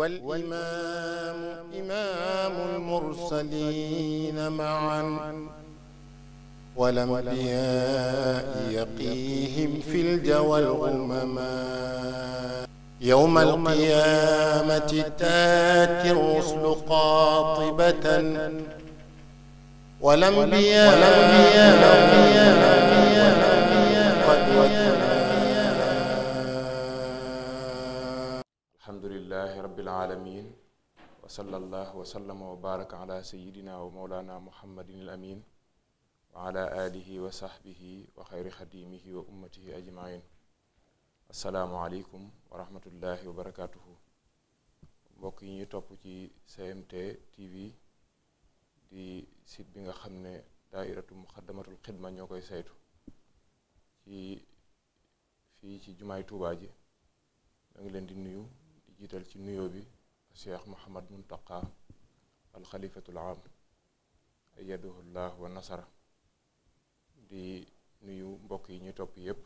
والإمام إمام المرسلين معا والأنبياء يقيهم في الجوى الغمما يوم القيامة تاتي الرسل قاطبة والأنبياء alamin wa sallallahu wa sallama wa baraka ala sayidina wa mawlana muhammadin al amin wa ala alihi wa sahbihi wa xayri xadimihi wa ummatihi ajmain assalaamu aleykum wa rahmatullahi wa barakatuhu mbokk yi ñu topp ci CMT TV di site bi nga xam ne daairatu muxaddamatul xidma ñoo koy saytu ci fii ci jumaay Tuubaa ji da ngi leen di nuyu jiital ci nuyoo bi cheikh mohamad muntaqa alxalifatul am ayaduhu llah wa nasara di nuyu mbokk yi ñu topp yépp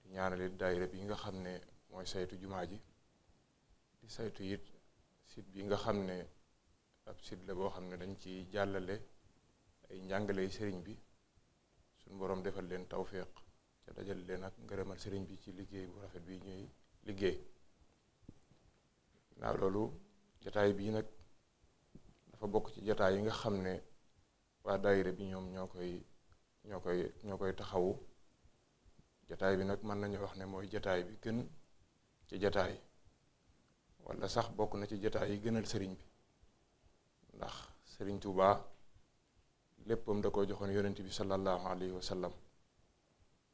di ñaanale daayira bi nga xam ne mooy saytu jumaa ji di saytu it sit bi nga xam ne ab sit la boo xam ne dañ ci jàllale ay njàngale sëriñ bi suñ boroom defal leen tawféex ca dajal leen ak ngërëmal sëriñ bi ci liggéey bu rafet bi ñuy liggéey naa loolu jataay bii nag dafa bokk ci jataay yi nga xam ne waa daayira bi ñoom ñoo koy ñoo koy ñoo koy taxawu jataay bi nag mën nañu wax ne mooy jataay bi gën ci jataay wala sax bokk na ci jataay yi gënal sëriñ bi ndax sëriñ Tuubaa léppam da ko joxoon yonent bi sallallahu alayhi wa sallam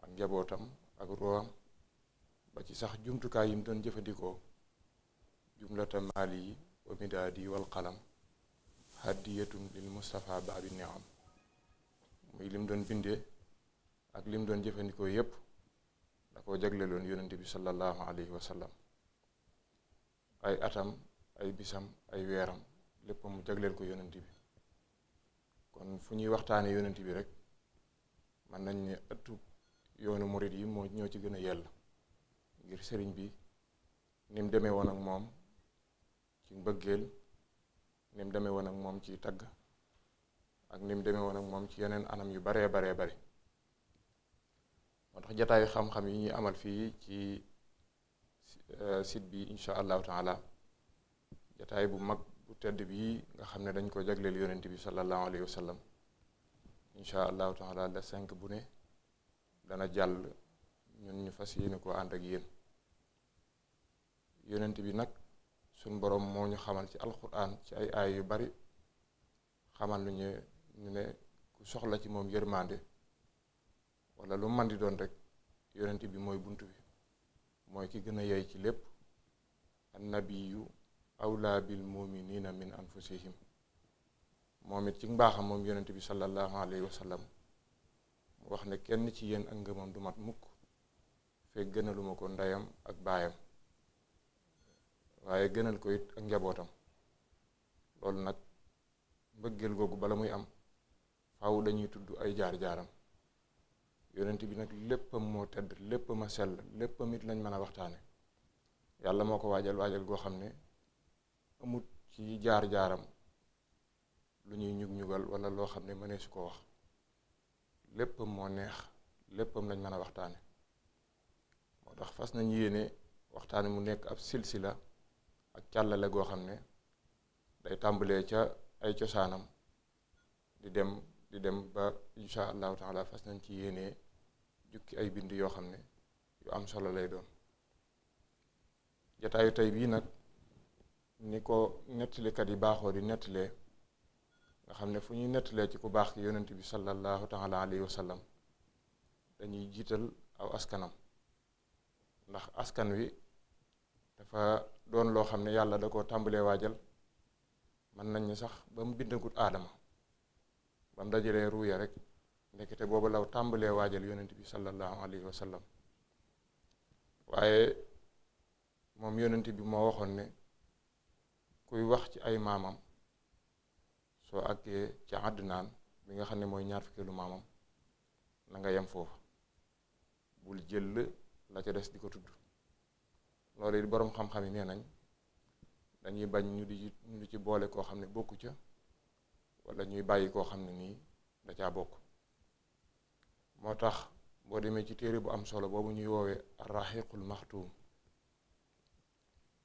ak njabootam ak ruwaam ba ci sax jumtukaay yi mu doon jëfandikoo jumlata maali wa midaadi wal qalam hadiyatun lil Mustafa baabi niam muy lim doon bindee ak lim doon jëfandikoo yépp da koo jagleloon yonente bi sallallahu alayhi wa ay atam ay bisam ay weeram lépp mu jagleel ko yonente bi kon fu ñuy waxtaane yonente bi rek man nañ ni ëttu yoonu murit yi moo ñëw ci gën a yell ngir sëriñ bi ni mu demee woon ak moom ci mbëggeel ni mu demee woon ak moom ci tagg ak ni mu demee woon ak moom ci yeneen anam yu baree baree bari moo tax jataay xam-xam yi ñuy amal fii ci euh, site bi insha allahu taala jataay bu mag bu tedd bi nga xam ne dañ ko jagleel yonent bi sallallahu alayhi wa sallam insha allahu taala la cinq bu ne dana jàll ñun ñu fas yéene ko ànd ak yéen yonent bi nag suñ boroom moo ñu xamal ci alxuraan ci ay ay yu bari xamal lu ñu ñu ne ku soxla ci moom yërmande walla lu man di doon rek yonent bi mooy bunt bi mooy ki gën a yey ci lépp annabiyu awlaa bil muminina min anfusihim moom it ci mbaaxam moom yonent bi sallallahu alayhi wa sallam mu wax ne kenn ci yéen ak ngëmam du mat mukk fekk gënaluma ko ndeyam ak baayam waaye gënal ko it ak njabootam loolu nag mbëggeel googu bala muy am faw dañuy tudd ay jaar-jaaram yonent bi nag léppam moo tedd léppam a sell léppam it lañ mën a waxtaane yàlla moo ko waajal waajal goo xam ne amut ci jaar-jaaram lu ñuy ñug-ñugal wala loo xam ne mënee su ko wax léppam moo neex léppam lañ mën a waxtaane moo tax fas nañ yéene waxtaane mu nekk ab silsila ak càllale goo xam ne day tàmbalee ca ay cosaanam di dem di dem ba insha allahu taala fas nañ ci yéenee jukki ay bind yoo xam ne yu am solo lay doon jataayu tey bii nag ni ko nettalikat yi baaxoo di nettalee nga xam ne fu ñuy nettalee ci ku baax ki yonent bi sallallahu taala alayhi wa sallam dañuy jiital aw askanam ndax askan wi dafa doon loo xam ne yàlla da koo tàmbalee waajal mën nañ ni sax ba mu bindagut aadama ba mu dajalee ruuya rek ndekete booba law tàmbalee waajal yonent bi sallallahu alayhi wa sallam waaye moom yonent bi moo waxoon ne kuy wax ci ay maamam soo àggee ci àddinaan bi nga xam ne mooy ñaar fukkeelu maamam na nga yem foofu bul jël la ca des di ko tudd loolu it boroom xam-xam yi nee nañ dañuy bañ ñu di ñu di ci boole koo xam ne bokk ca wala ñuy bàyyi koo xam ne nii da caa bokk moo tax boo demee ci téere bu am solo boobu ñuy woowee arraxiqul maxtuum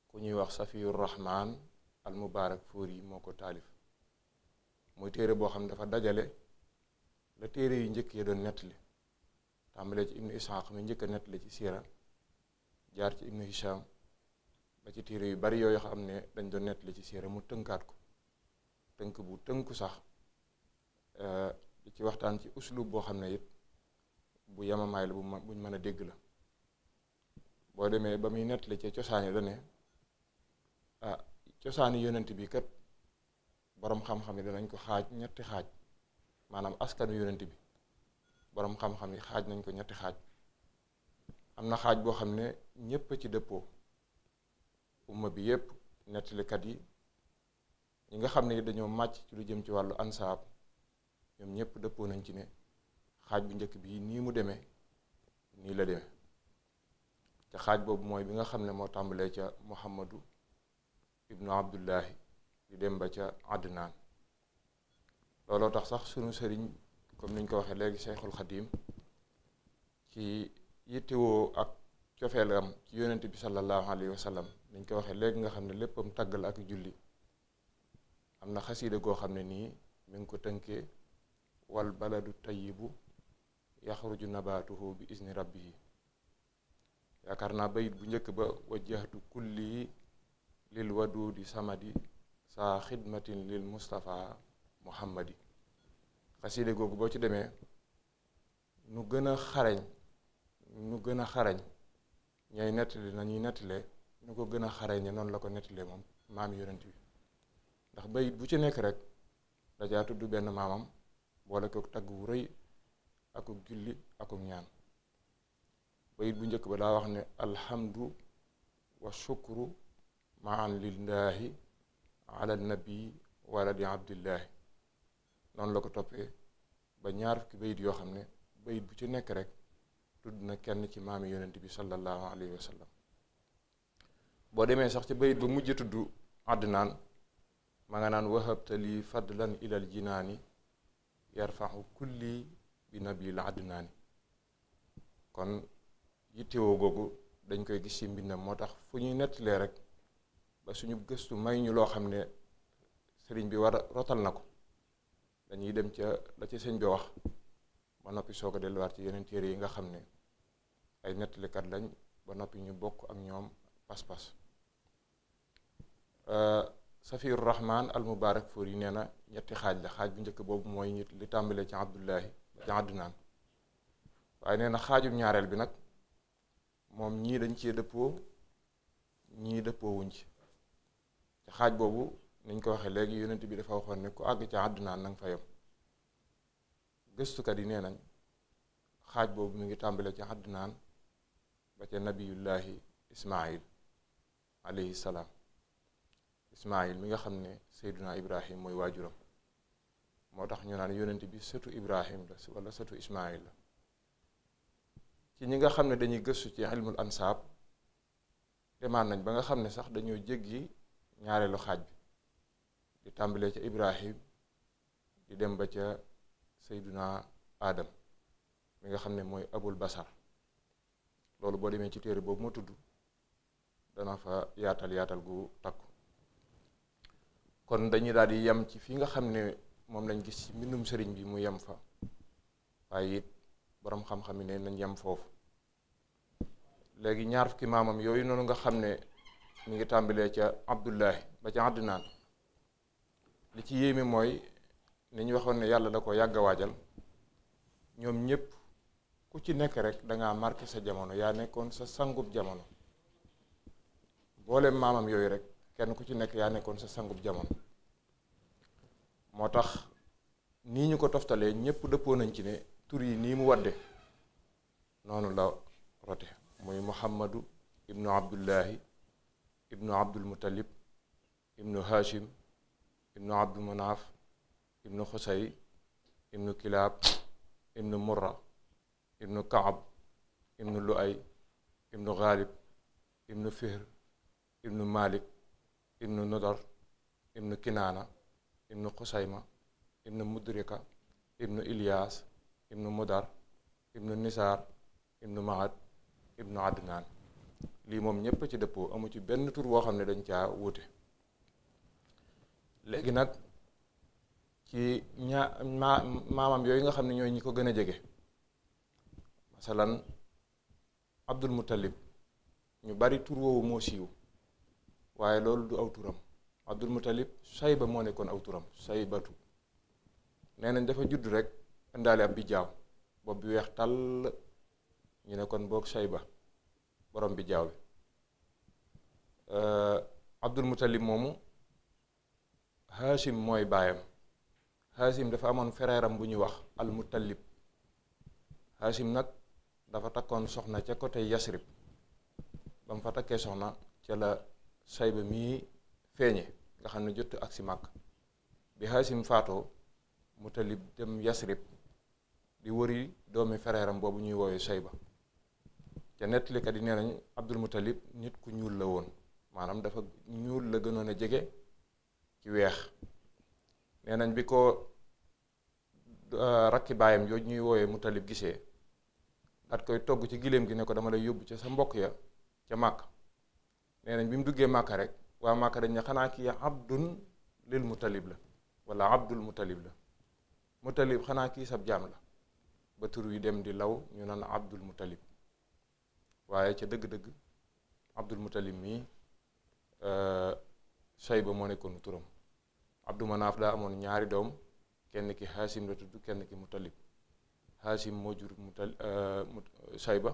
ku ñuy wax safiyu rahman al mubarak fóor yi moo ko taalif muy téere boo xam ne dafa dajale la téere yu njëkk ya doon nettali tàmbalee ci ibnu ishaq mi njëkk a nettali ci siira jaar ci ibnu hisham ba ci téere yu bari yooyu xam ne dañ doon nettali ci siira mu tënkaat ko tënk bu tënku sax euh, di ci waxtaan ci uslub boo xam ne it bu yamamaay la bu buñ mën a dégg la boo demee ba muy nettali ci cosaan yi la ne ah cosaani yonent bi kat boroom xam-xam yi danañ ko xaaj ñetti xaaj maanaam askanu yonent bi boroom xam-xam yi xaaj nañ ko ñetti xaaj am na xaaj boo xam ne ñépp ci dëppoo umma bi yépp nettalikat yi ñi nga xam ne dañoo màcc ci lu jëm ci wàllu ansaab ñoom ñépp dëppoo nañ ci ne xaaj bu njëkk bii nii mu demee nii la demee te xaaj boobu mooy bi nga xam ne moo tàmbalee ca muhammadu ibnu abdullahi di dem ba ca adnaan looloo tax sax sunu sëriñ comme niñ ko waxee léegi cheikhul xadim ci yittewoo ak am ci yonent bi sallallahu alayhi wa dañ ko waxee léegi nga xam ne léppam tàgg la ak julli am na xasiida goo xam ne nii mi ngi ko tënkee wal baladu tayyibu yaxruju nabaatuhu bi izni rabbihi yaakaar naa bayit bu njëkk ba wajjahtu kulli lil waduudi samadi saa xidmatin lil mustafa muhammadi xasiida googu boo ci demee nu gën a xarañ ñu gën a xarañ ñay nettali nañuy nettalee ñu ko gën a xarañe noonu la ko nettalee moom maam yonent bi ndax bayit bu ci nekk rek dajaa tudd benn maamam boole ko tagg wu rëy ak julli ak ñaan bayit bu njëkk ba daa wax ne alhamdu wa shukru maan lillaahi ala nabii waladi abdillahi noonu la ko toppee ba ñaar fukki bayit yoo xam ne bayit bu ci nekk rek tudd na kenn ci maami yonent bi sallallahu alayhi wa sallam boo demee sax ci bayit ba mujj tudd àddinaan ma nga naan wahabta lii fadlan ilal jinaani yarfaxu kulli bi nabil àddinaani kon yittewoo googu dañ koy gis ci mbindam moo tax fu ñuy nettalee rek ba suñu gëstu may ñu loo xam ne sëriñ bi war rotal na ko dañuy dem ca la ca sëñ bi wax ba noppi soog a delluwaat ci yeneen téere yi nga xam ne ay nettalikat lañ ba noppi ñu bokk ak ñoom pas-pas euh, safiir rahman al mubaarak fóor yi nee na ñetti xaaj la xaaj bu njëkk boobu mooy nit li tàmbalee ci abdullahi ba ci adnaan waaye nee na xaajum ñaareel bi nag moom ñii dañ cee dëppoo ñii dëppoo wuñ ci te xaaj boobu niñ ko waxee léegi yonent bi dafa waxoon ne ku àgg ci adnaan nanga fa yem gëstukat yi nee nañ xaaj boobu mu ngi tàmbale ci Adnaan ba ca nabiyullahi Ismaayil alayhi salaam Ismaayil mi nga xam ne Seyduna Ibrahim mooy waajuram moo tax ñu naan yonent bi sëtu Ibrahim la wala sëtu Ismaayil la ci ñi nga xam ne dañuy gëstu ci ilmul ansaab demaan nañ ba nga xam ne sax dañoo jéggi ñaareelu xaaj bi di tàmbalee ca Ibrahim di dem ba ca sayduna aadam mi nga xam ne mooy abul basar loolu boo demee ci téere boobu ma tudd dana fa yaatal yaatal gu takku kon dañuy daal di yem ci fi nga xam ne moom lañ gis ci mbindum sëriñ bi mu yem fa waaye it boroom xam-xam yi ne nañ yem foofu léegi ñaar fukki maamam yooyu noonu nga xam ne mu ngi tàmbalee ca Abdullahi ba ca Adnaan li ci yéeme mooy ni ñu waxoon ne yàlla da ko yàgg a waajal ñoom ñëpp ku ci nekk rek da ngaa sa jamono yaa nekkoon sa sangub jamono booleem maamam yooyu rek kenn ku ci nekk yaa nekkoon sa sangub jamono moo tax nii ñu ko toftalee ñëpp dëppoo nañ ci ne tur yi nii mu wadde noonu la rote muy muhammadu ibnu abdullahi ibnu abdul muttalib ibnu hashim ibnu abdul manaaf im ibnu im ibnu kilaab ibnu murra ibnu kaab ibnu luay ibnu ghalib ibnu im nu malik ibnu nodar ibnu kinaana xosayma ibnu xusayma ibnu mudrika ibnu ilyaas ibnu mudar ibnu nisaar ibnu mahad ibnu adnaan lii moom ñépp ci dëppoo amu ci benn tur boo xam ne dañ caa wuute léegi nag ci ña ma maamam yooyu nga xam ne ñooy ñi ko gën a jege masalan Abdul Muttalib ñu bari tur woowu moo siiw waaye loolu du aw turam Abdul Muttalib sayba moo nekkoon aw turam saybatu nee nañ dafa juddu rek indaale ab bijaaw bopp bi weex tàll ñu ne kon boog sayba borom bijaaw bi euh, Abdul Muttalib moomu Hashim mooy baayam Haasim dafa amoon frère am bu ñuy wax al-Muttalib Haasim nag dafa takkoon soxna ca côté Yasrib ba mu fa takkee soxna ca la Sayba mii feeñe nga xam ne jot ak si màkk bi Haasim faatoo Muttalib dem Yasrib di wëri doomi fereeram boobu ñuy woowee Sayba ca nettalikat yi nee nañ Abdul Muttalib nit ku ñuul la woon maanaam dafa ñuul la gënoon a jege ci weex nee nañ bi ko euh, rakki baayam yooyu ñuy wooyee Mutalib gisee daat koy togg ci giléem gi ne ko dama lay yóbbu ca sa mbokk ya ca màkk nee nañ bi mu duggee Màkka rek waa Màkka dañ ne xanaa kii abdun lil Mutalib la wala abdul Mutalib la Mutalib xanaa kii sab jaam la ba tur wi dem di law ñu naan abdul Mutalib waaye ca dëgg-dëgg abdul Mutalib mii euh, ba moo nekkoon turam Abdou Manaaf daa amoon ñaari doom kenn ki kenn ki Mutalib Haasim moo jur euh,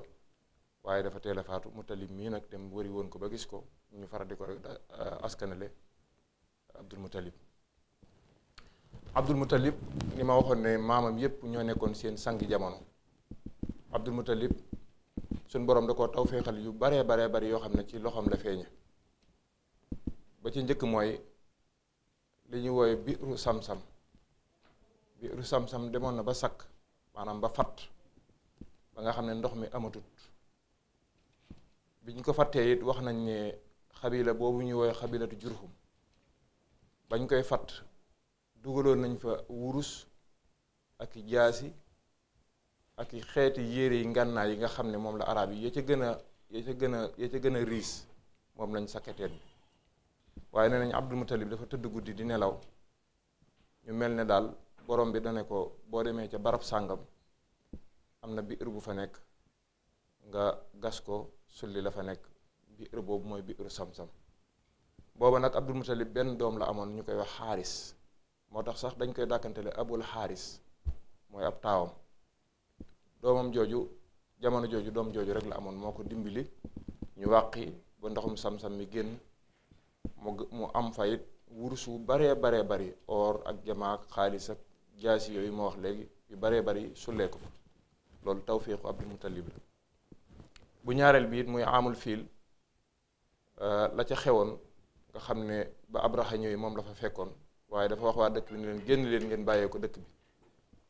waaye dafa teel a faatu Mutalib mii nag dem woon ko ba gis ko ñu faral di ko euh, askanale Abdul Mutalib Abdul Mutalib li ma waxoon ne maamam yépp ñoo nekkoon seen sangi jamono Abdul Mutalib suñ borom da koo taw féexal yu baree baree bari yoo xam ne ci loxoom la feeñe ba ci njëkk mooy li ñuy wooye biiru samsam sam biiru demoon na ba sakk maanaam ba fatt ba nga xam ne ndox mi amatut biñ ko fattee it wax nañ ne xabila boobu ñuy wooye xabilatu jurhum bañ koy fatt dugaloon nañ fa wurus ak i jaasi ak i xeeti yére yi ngànnaay yi nga xam ne moom la araab yi yee ca gën a ya ca gën a ya ca gën a riis moom lañ sakketeen bi waaye nee nañ Abdul Mutalib dafa tëdd guddi di nelaw ñu mel ne daal borom bi dane ko boo demee ca barab sàngam am na biir bu fa nekk nga gas ko sulli la fa nekk biir boobu mooy biir sam-sam booba nag Abdul Mutalib benn doom la amoon ñu koy wax xaaris moo tax sax dañ koy dàkkantele abul xaaris mooy ab taawam doomam jooju jamono jooju doom jooju rek la amoon moo ko dimbali ñu wàqi ba ndoxum sam-sam mi génn mu mu am fayit wurus wu baree baree bari or ak jamaa ak xaalis ak jaasi yooyu ma wax léegi yu baree bari sulee ko fa loolu tawfiiqu Abdul Muttalib la bu ñaareel bi it muy amul fiil euh, la ca xewoon nga xam ne ba ab Abraha ñëwee moom la fa fekkoon waaye dafa wax waa dëkk bi ni leen génn leen ngeen bàyyee ko dëkk bi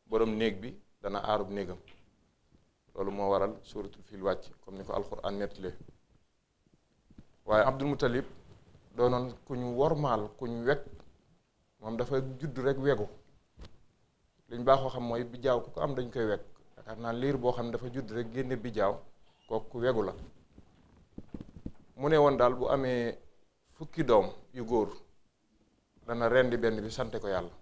borom néeg bi dana aarub néegam loolu moo waral suuratul fiil wàcc comme ni ko alxuraan nettalee waaye Abdul Muttalib doonoon ku ñu wormaal ku ñu weg moom dafa judd rek wegu liñ baaxoo xam mooy bijaaw ku ko am dañ koy weg yaakaar naa liir boo xam ne dafa judd rek génne bijaaw kooku wegu la mu ne woon daal bu amee fukki doom yu góor dana rendi benn bi sante ko yàlla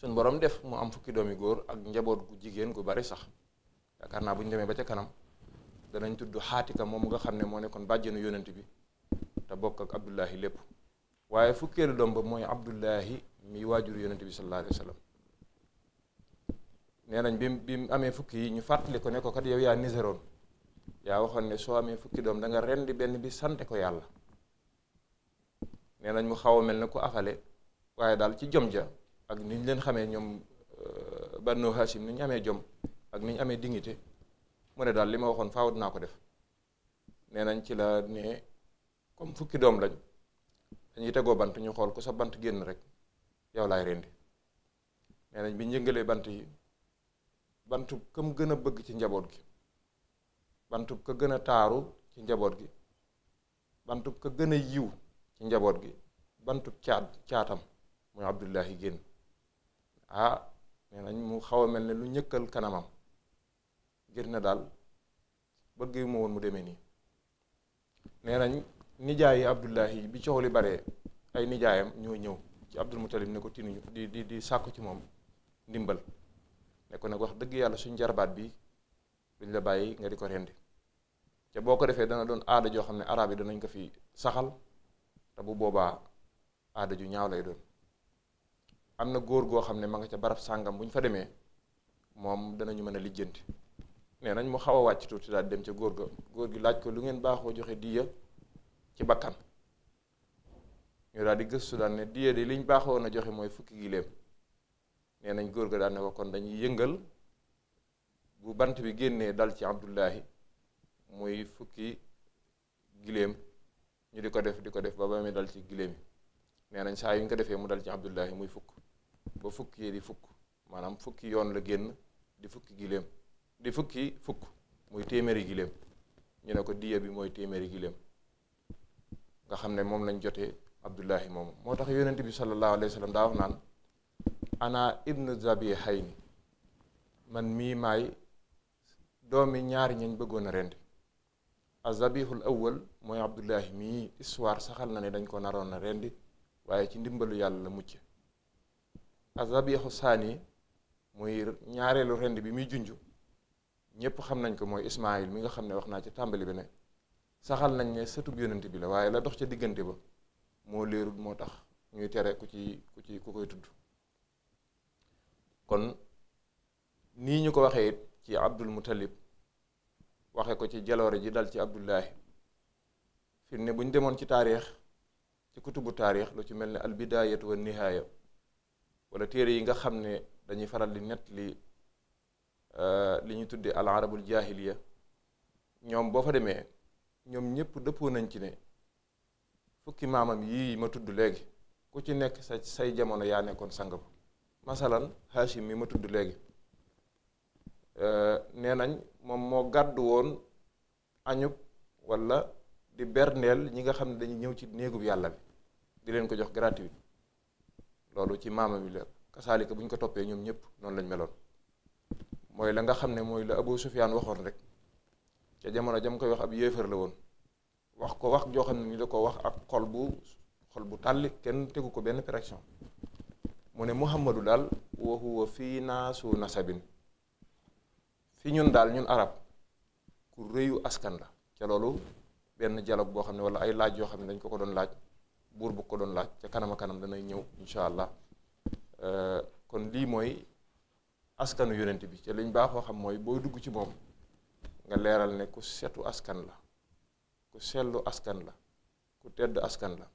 suñ borom def mu am fukki doom yu góor ak njaboot gu jigéen gu bari sax yaakaar naa bu ñu demee ba ca kanam danañ tudd xaatika moom nga xam ne moo nekkoon bàjjenu yonent bi te bokk ak Abdullahi lépp waaye fukkeelu doom ba mooy Abdullahi mii waajur yonente bi sallallahu alayhi wa sallam nee nañ bi bi mu amee fukki yi ñu fàttali ko ne ko kat yow yaa niseroon yaa waxoon ne soo amee fukki doom da nga rendi benn bi sante ko yàlla nee nañ mu xaw a mel ne ku afale waaye daal ci jom ja ak ni ñu leen xamee ñoom euh, Banu Hashim ni ñu amee jom ak ni ñu amee dignité mu ne daal li ma waxoon faawut naa ko def nee nañ ci la ne comme fukki doom lañ dañuy tegoo bant ñu xool ku sa bant génn rek yow laay rendi nee nañ bi ñu bant yi bantu kam gën a bëgg ci njaboot gi bantu ka gën a taaru ci njaboot gi bantu ka gën a yiw ci njaboot gi bantu caat caatam muy Abdullahi génn ah nee nañ mu xaw a mel ne lu ñëkkal kanamam ngir ne daal bëgg yu ma woon mu demee nii nee nijaayi Abdullahi bi coow li bare ay nijaayam ñoo ñëw ci Abdul Mutalib ne ko tinuñu di di di sàkku ci moom ndimbal ne ko nag wax dëgg yàlla suñ jarbaat bi duñ la bàyyi nga di ko rendi te boo ko defee dana doon aada joo xam ne araab yi danañ ko fi saxal te bu boobaa aada ju ñaaw lay doon am na góor goo xam ne ma nga ca barab sàngam bu ñu fa demee moom danañu mën a lijjanti nee nañ mu xaw a wàcc tuuti daal dem ca góor ga góor gi laaj ko lu ngeen baaxoo joxe diya ci bakkan ñu daal di gëstu daan ne diye di liñ baaxoon a joxe mooy fukki giléem nee nañ góor ga daan ne ko kon dañuy yëngal bu bant bi génnee dal ci Abdullahi muy fukki giléem ñu di ko def di ko def ba ba muy dal ci giléem yi nee nañ saa yu ñu ko defee mu dal ci Abdullahi muy fukk ba fukki di fukk maanaam fukki yoon la génn di fukki giléem di fukki fukk muy téeméeri giléem ñu ne ko diye bi mooy téeméeri giléem nga xam ne moom lañ jotee abdullahi moomu moo tax yonent bi sallallahu alayhi wa sallam daa wax naan ana ibnu zabi hayni man mii maay doomi ñaari ñañ bëggoon a rendi azabihul awwal mooy abdullahi mii histoire saxal na ne dañ ko naroon na rend waaye ci ndimbalu yàlla la mucc azabihu saani muy ñaareelu rend bi muy junj ñépp xam nañ ko mooy ismail mi nga xam ne wax naa ci tàmbali bi ne saxal nañ ne sëtub yonent bi la waaye la dox ca diggante ba moo leerul moo tax ñuy tere ku ci ku ci ku koy tudd kon nii ñu ko waxee it ci Abdul Muttalib waxe ko ci jaloore ji dal ci Abdullahi fi ne bu ñu demoon ci taarix ci kutubu taarix lu ci mel ni al bidaayatu wa nihaaya wala téere yi nga xam ne dañuy faral di nett li euh, li ñu tuddee al arabul jaahiliya ñoom boo fa demee ñoom ñëpp dëppoo nañ ci ne fukki maamam yii ma tudd léegi ku ci nekk sa say jamono yaa nekkoon sang ba masalan Hashim mi ma tudd léegi euh, nee nañ moom moo gàddu woon añub walla di berndeel ñi nga xam ne dañuy ñëw ci néegub yàlla bi di leen ko jox gratuit loolu ci maamam yi la kasaalika bu ñu ko toppee ñoom ñëpp noonu lañ meloon mooy la nga xam ne mooy la Abu Sufyaan waxoon rek ca jamono jam koy wax ab yéefar la woon wax ko wax joo xam ne ni la ko wax ak xol bu xol bu tàlli kenn tegu ko benn pression mu ne muhammadu daal wa huwa fii naasu nasabin fi ñun daal ñun arab ku rëyu askan la ca loolu benn dialogue boo xam ne wala ay laaj yoo xam ne dañ ko ko doon laaj buur bu ko doon laaj ca kanam kanam danay ñëw incha allah euh, kon lii mooy askanu yonent bi ca liñ baaxoo xam mooy booy dugg ci moom nga leeral ne ku setu askan la ku sellu askan la ku tedd askan la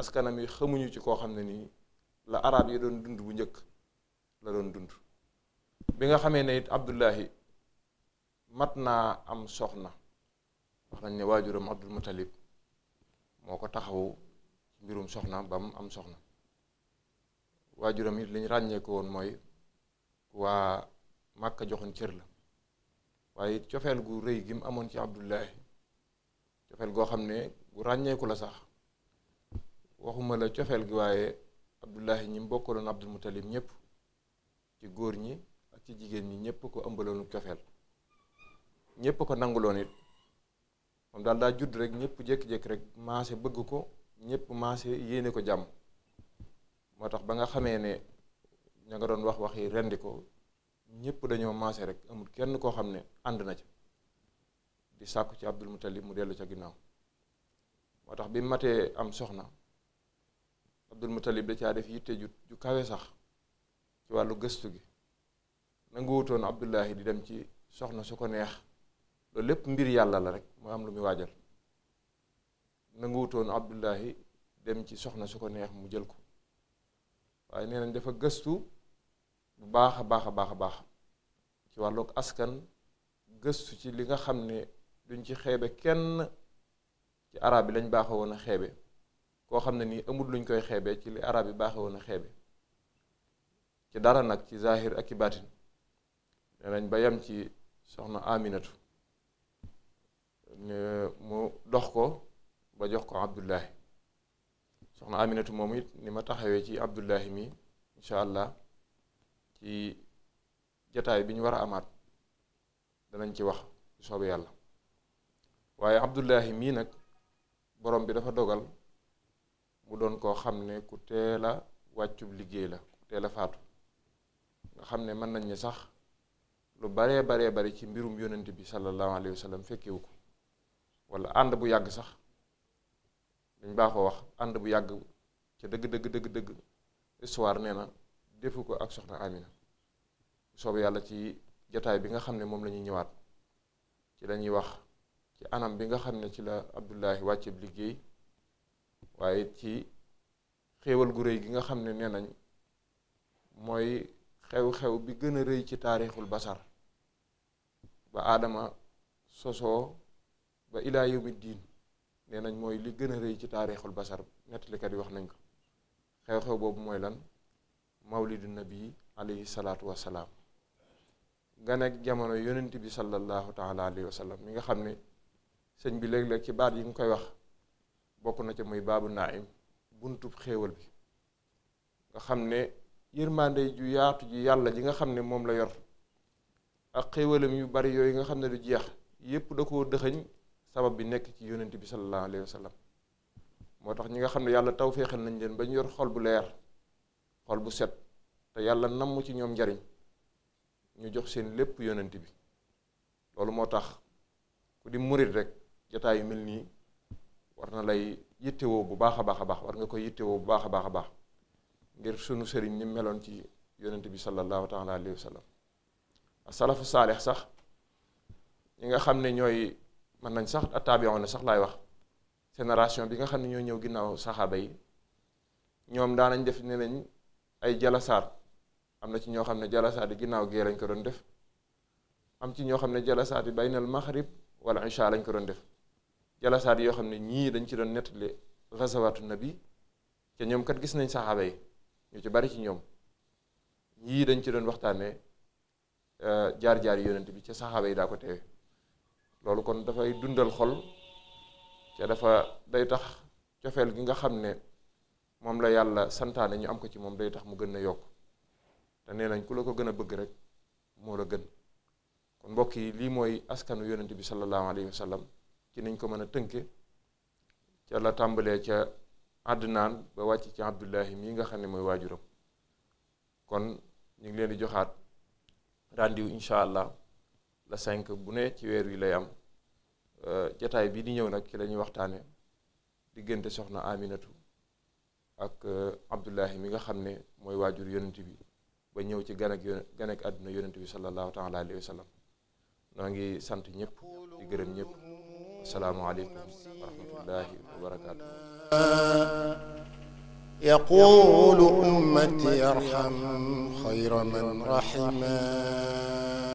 askanam yi xamuñu ci koo xam ne nii la araab yi doon dund bu njëkk la doon dund bi nga xamee ne it Abdullahi mat naa am soxna wax nañ ne waajuram Abdul Mutalib moo ko taxawu mbirum soxna ba am soxna waajuram it li ñu ràññee woon mooy waa Màkka joxoon cër la waaye cofeel gu rëy gi mu amoon ci Abdullahi cofeel goo xam ne gu ràññeeku la sax waxuma la cofeel gi waaye Abdullahi ñi mu bokkaloon Abdul Muttalib ñëpp ci góor ñi ak ci jigéen ñi ñëpp ko ëmbaloonu cofeel ñëpp ko nanguloon it moom daal daa judd rek ñépp jékki-jékki rek maase bëgg ko ñëpp maase yéene ko jàmm moo tax ba nga xamee ne ña nga doon wax wax yi rendi ko ñëpp dañoo maase rek amul kenn koo xam ne ànd na ca di sàkku ci Abdul Mutalib mu dellu ca ginnaaw moo tax bi matee am soxna Abdul Mutalib da caa def yitte ju ju kawe sax ci wàllu gëstu gi nanguwutoon Abdullahi di dem ci soxna su ko neex loolu lépp mbir yàlla la rek mu am lu muy waajal nanguwutoon Abdullahi dem ci soxna su ko neex mu jël ko waaye nee nañ dafa gëstu bu baax a baax a baax a baax ci wàllug askan gëstu ci li nga xam ne luñ ci xeebe kenn ci arab bi lañ baaxe woon a xeebe koo xam ne nii amul luñ koy xeebe ci li arab bi baaxe woon a xeebe ci dara nag ci zahir ak ci baatin nee nañ ba yem ci soxna Aminatu mu dox ko ba jox ko Abdullahi soxna Aminatu moom it ni ma taxawee ci Abdullahi mii incha allah ci jataay bi ñu war a amaat danañ ci wax soobe yàlla waaye Abdullahi mii nag borom bi dafa dogal mu doon koo xam ne ku teel wàccu liggéey la ku teel a faatu nga xam ne mën nañ ne sax lu baree baree bari ci mbirum yonent bi sallallahu alayhi wa sallam fekkewu ko walla ànd bu yàgg sax dañ baaxoo wax ànd bu yàgg ca dëgg dëgg dëgg dëgg nee na defu ko ak soxna Amina soob yàlla ci jataay bi nga xam ne moom lañuy ñëwaat ci lañuy wax ci anam bi nga xam ne ci la Abdullahi wàcceeb liggéey waaye ci xéewal gu rëy gi nga xam ne nee nañ mooy xew-xew bi gën a rëy ci taarixul basar ba aadama sosoo ba ilaa yawmi diin nee nañ mooy li gën a rëy ci taarixul basar nettalikat yi wax nañ ko xew-xew boobu mooy lan mawlidu nabi alayhi salaatu wasalaam nga nekk jamono yonent bi sallallahu taala alayhi wa sallam mi nga xam ne sëñ bi léeg-léeg ci baat yi nga koy wax bokk na ca muy baabu naim buntub xéewal bi nga xam ne yërmande ju yaatu ji yàlla ji nga xam ne moom la yor ak xéewalam yu bari yooyu nga xam ne du jeex yépp da ko dëxëñ sabab bi nekk ci yonent bi sallallahu alayhi wa sallam moo tax ñi nga xam ne yàlla taw tawféexal nañ leen ba ñu yor xol bu leer xol bu set te yàlla namm ci ñoom njariñ ñu jox seen lépp yonent bi loolu moo tax ku di murit rek jataay yu mel nii war na lay yittewoo bu baax a baax a baax war nga koy yittewoo bu baax a baax a baax ngir sunu sëriñ ni meloon ci yonent bi sallallahu taala alayhi wa sallam asalafu saalix sax ñi nga xam ne ñooy mën nañ sax attaabiyoon na sax laay wax génération bi nga xam ne ñooy ñëw ginnaaw saxaaba yi ñoom daanañ def ne nañ ay jalasaar am na ci ñoo xam ne jalasaat yi ginnaaw gee lañ ko doon def am ci ñoo xam ne jalasaat yi baynal maghrib wala isha lañ ko doon def jalasaat yoo xam ne ñii dañ ci doon nettali na bi te ñoom kat gis nañ saxaaba yi ñu ci bari ci ñoom ñii dañ ci doon waxtaanee euh, jaar-jaar yonent bi ca saxaaba yi daa ko teewe loolu kon dafay dundal xol ca dafa day tax cofeel gi nga xam ne moom la yàlla santaane ñu am ko ci moom day tax mu gën a yokk te nee nañ ku la ko gën a bëgg rek moo la gën kon mbokk yi lii mooy askanu yonent bi sallallahu alayhi wa sallam ci niñ ko mën a tënke ca la tàmbalee ca Adnaan ba wàcc ci Abdullahi mii nga xam ne mooy waajuram kon ñu ngi leen di joxaat rendez-vous incha allah la cinq bu ne ci weer wi lay am euh, jataay bii di ñëw nag ci lañuy ñuy waxtaane diggante soxna Aminatu ak euh, Abdullahi mi nga xam ne mooy waajur yonent bi ba ñëw ci gan ak yon gan ak àdduna yonent bi sallallahu taala alayhi wa sallam noo ngi sant ñëpp di gërëm ñëpp asalaamualeykum wa rahmatullahi wa barakaatu. yaqulu ummati arham xayra man rahima